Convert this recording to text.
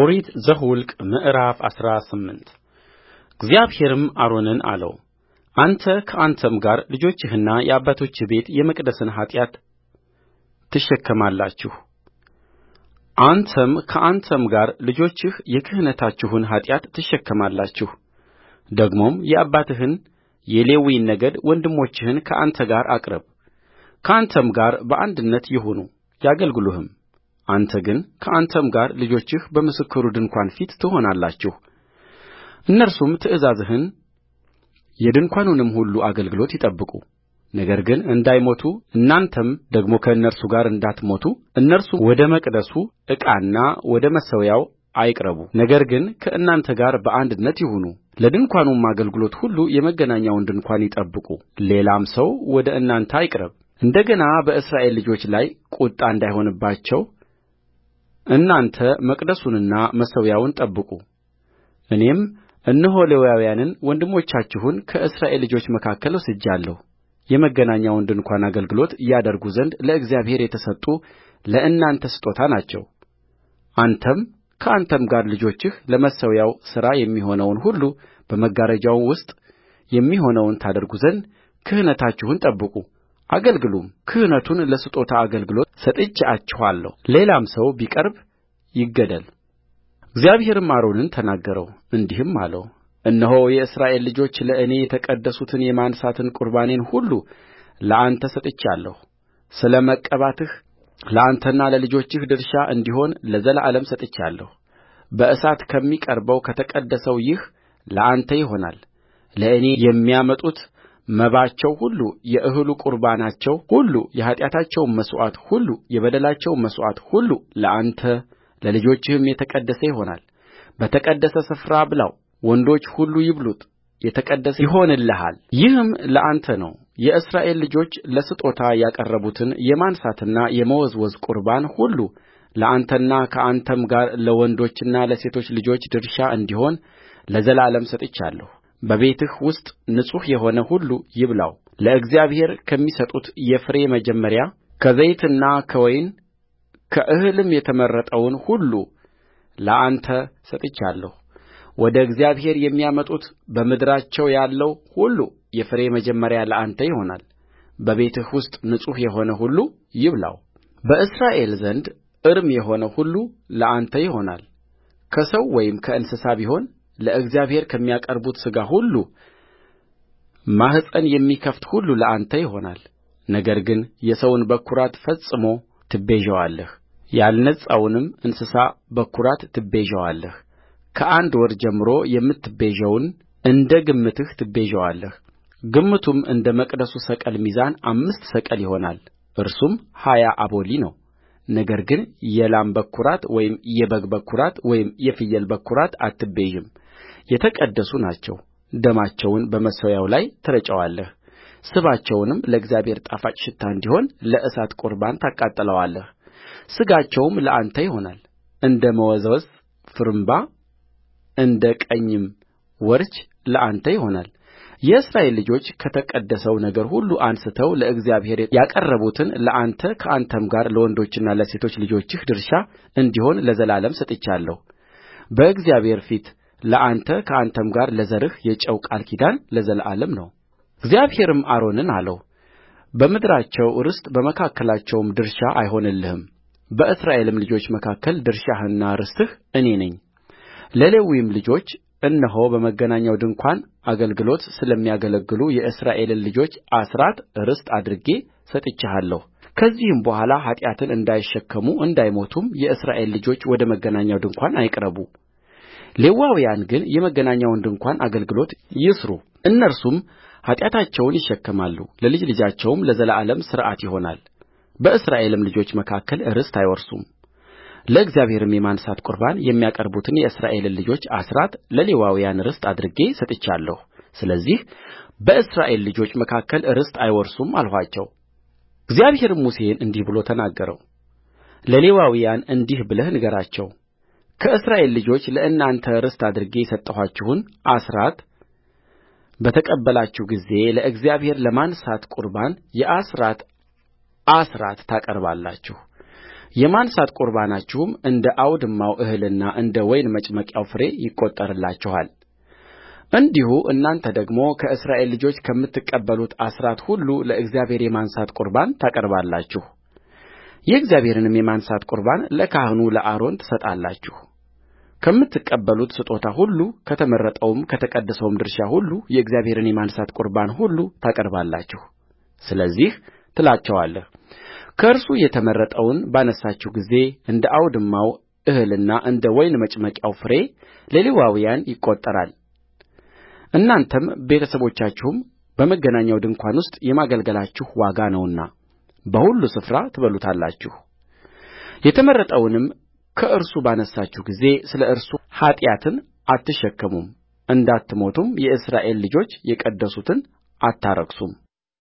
ኦሪት ዘኍልቍ ምዕራፍ አስራ ስምንት እግዚአብሔርም አሮንን አለው አንተ ከአንተም ጋር ልጆችህና የአባቶችህ ቤት የመቅደስን ኃጢአት ትሸከማላችሁ አንተም ከአንተም ጋር ልጆችህ የክህነታችሁን ኃጢአት ትሸከማላችሁ ደግሞም የአባትህን የሌዊን ነገድ ወንድሞችህን ከአንተ ጋር አቅርብ ከአንተም ጋር በአንድነት ይሁኑ ያገልግሉህም አንተ ግን ከአንተም ጋር ልጆችህ በምስክሩ ድንኳን ፊት ትሆናላችሁእነርሱም ትእዛዝህን የድንኳኑንም ሁሉ አገልግሎት ይጠብቁ ነገር ግን እንዳይሞቱ እናንተም ደግሞ ከእነርሱ ጋር እንዳትሞቱ እነርሱ ወደ መቅደሱ ዕቃና ወደ መሠዊያው አይቅረቡ ነገር ግን ከእናንተ ጋር በአንድነት ለድንኳኑም አገልግሎት ሁሉ የመገናኛውን ድንኳን ይጠብቁ ሌላም ሰው ወደ እናንተ አይቅረብ እንደ ገና በእስራኤል ልጆች ላይ ቍጣ እንዳይሆንባቸው እናንተ መቅደሱንና መሠዊያውን ጠብቁ እኔም እነሆ ሌዋውያንን ወንድሞቻችሁን ከእስራኤል ልጆች መካከል ወስጄአለሁ የመገናኛውን ድንኳን አገልግሎት ያደርጉ ዘንድ ለእግዚአብሔር የተሰጡ ለእናንተ ስጦታ ናቸው አንተም ከአንተም ጋር ልጆችህ ለመሠዊያው ሥራ የሚሆነውን ሁሉ በመጋረጃውም ውስጥ የሚሆነውን ታደርጉ ዘንድ ክህነታችሁን ጠብቁ አገልግሉም ክህነቱን ለስጦታ አገልግሎት ሰጥቼአችኋለሁ ሌላም ሰው ቢቀርብ እግዚአብሔርም አሮንን ተናገረው እንዲህም አለው እነሆ የእስራኤል ልጆች ለእኔ የተቀደሱትን የማንሣት ቍርባኔን ሁሉ ለአንተ ሰጥቼአለሁ ስለ መቀባትህ ለአንተና ለልጆችህ ድርሻ እንዲሆን ለዘላለም ሰጥቼአለሁ በእሳት ከሚቀርበው ከተቀደሰው ይህ ለአንተ ይሆናል ለእኔ የሚያመጡት መባቸው ሁሉ የእህሉ ቍርባናቸው ሁሉ የኃጢአታቸውም መሥዋዕት ሁሉ የበደላቸውም መሥዋዕት ሁሉ ለአንተ ለልጆችህም የተቀደሰ ይሆናል በተቀደሰ ስፍራ ብላው ወንዶች ሁሉ ይብሉት የተቀደሰ ይህም ለአንተ ነው የእስራኤል ልጆች ለስጦታ ያቀረቡትን የማንሣትና የመወዝወዝ ቍርባን ሁሉ ለአንተና ከአንተም ጋር ለወንዶችና ለሴቶች ልጆች ድርሻ እንዲሆን ለዘላለም ሰጥቼሃለሁ በቤትህ ውስጥ ንጹሕ የሆነ ሁሉ ይብላው ለእግዚአብሔር ከሚሰጡት የፍሬ መጀመሪያ ከዘይትና ከወይን ከእህልም የተመረጠውን ሁሉ ለአንተ ሰጥቼሃለሁ። ወደ እግዚአብሔር የሚያመጡት በምድራቸው ያለው ሁሉ የፍሬ መጀመሪያ ለአንተ ይሆናል። በቤትህ ውስጥ ንጹሕ የሆነ ሁሉ ይብላው። በእስራኤል ዘንድ እርም የሆነ ሁሉ ለአንተ ይሆናል። ከሰው ወይም ከእንስሳ ቢሆን ለእግዚአብሔር ከሚያቀርቡት ሥጋ ሁሉ ማኅፀን የሚከፍት ሁሉ ለአንተ ይሆናል ነገር ግን የሰውን በኵራት ፈጽሞ ትቤዠዋለህ ያልነጻውንም እንስሳ በኵራት ትቤዠዋለህ ከአንድ ወር ጀምሮ የምትቤዠውን እንደ ግምትህ ትቤዠዋለህ ግምቱም እንደ መቅደሱ ሰቅል ሚዛን አምስት ሰቅል ይሆናል እርሱም ሀያ አቦሊ ነው ነገር ግን የላም በኵራት ወይም የበግ በኵራት ወይም የፍየል በኵራት አትቤዥም የተቀደሱ ናቸው ደማቸውን በመሠዊያው ላይ ትረጨዋለህ ስባቸውንም ለእግዚአብሔር ጣፋጭ ሽታ እንዲሆን ለእሳት ቍርባን ታቃጥለዋለህ ሥጋቸውም ለአንተ ይሆናል እንደ መወዝወዝ ፍርምባ እንደ ቀኝም ወርች ለአንተ ይሆናልየእስራኤል ልጆች ከተቀደሰው ነገር ሁሉ አንሥተው ለእግዚአብሔር ያቀረቡትን ለአንተ ከአንተም ጋር ለወንዶችና ለሴቶች ልጆችህ ድርሻ እንዲሆን ለዘላለም ሰጥቼሃለሁ በእግዚአብሔር ፊት ለአንተ ከአንተም ጋር ለዘርህ የጨው ቃል ኪዳን ለዘላለም ነውእግዚአብሔርም አሮንን አለው በምድራቸው ርስት በመካከላቸውም ድርሻ አይሆንልህም በእስራኤልም ልጆች መካከል ድርሻህና ርስትህ እኔ ነኝለሌዊም ልጆች እነሆ በመገናኛው ድንኳን አገልግሎት ስለሚያገለግሉ የእስራኤልን ልጆች አሥራት ርስት አድርጌ ሰጥቼሃለሁ ከዚህም በኋላ ኃጢአትን እንዳይሸከሙ እንዳይሞቱም የእስራኤል ልጆች ወደ መገናኛው ድንኳን አይቅረቡ ሌዋውያን ግን የመገናኛውን ድንኳን አገልግሎት ይሥሩ እነርሱም ኃጢአታቸውን ይሸከማሉ ለልጅ ልጃቸውም ለዘላለም ሥርዓት ይሆናል በእስራኤልም ልጆች መካከል ርስት አይወርሱምለእግዚአብሔርም የማንሣት ቍርባን የሚያቀርቡትን የእስራኤልን ልጆች አሥራት ለሌዋውያን ርስት አድርጌ ሰጥቼአለሁ ስለዚህ በእስራኤል ልጆች መካከል ርስት አይወርሱም አልኋቸው። እግዚአብሔርም ሙሴን እንዲህ ብሎ ተናገረውለሌዋውያን እንዲህ ብለህ ንገራቸው ከእስራኤል ልጆች ለእናንተ ርስት አድርጌ የሰጠኋችሁን አሥራት በተቀበላችሁ ጊዜ ለእግዚአብሔር ለማንሣት ቍርባን የአሥራት አሥራት ታቀርባላችሁየማንሣት ቍርባናችሁም እንደ አውድማው እህልና እንደ ወይን መጭመቂያው ፍሬ ይቈጠርላችኋል እንዲሁ እናንተ ደግሞ ከእስራኤል ልጆች ከምትቀበሉት አሥራት ሁሉ ለእግዚአብሔር የማንሣት ቍርባን ታቀርባላችሁ የእግዚአብሔርንም የማንሣት ቍርባን ለካህኑ ለአሮን ትሰጣላችሁከምትቀበሉት ስጦታ ሁሉ ከተመረጠውም ከተቀደሰውም ድርሻ ሁሉ የእግዚአብሔርን የማንሣት ቍርባን ሁሉ ታቀርባላችሁ ስለዚህ ትላቸዋለህ ከእርሱ የተመረጠውን ባነሣችሁ ጊዜ እንደ አውድማው እህልና እንደ ወይን መጭመቂያው ፍሬ ለሌዋውያን ይቈጠራል እናንተም ቤተሰቦቻችሁም በመገናኛው ድንኳን ውስጥ የማገልገላችሁ ዋጋ ነውና በሁሉ ስፍራ ትበሉታላችሁየተመረጠውንም ከእርሱ ባነሣችሁ ጊዜ ስለ እርሱ ኃጢአትን አትሸከሙም እንዳትሞቱም የእስራኤል ልጆች የቀደሱትን አታረክሱም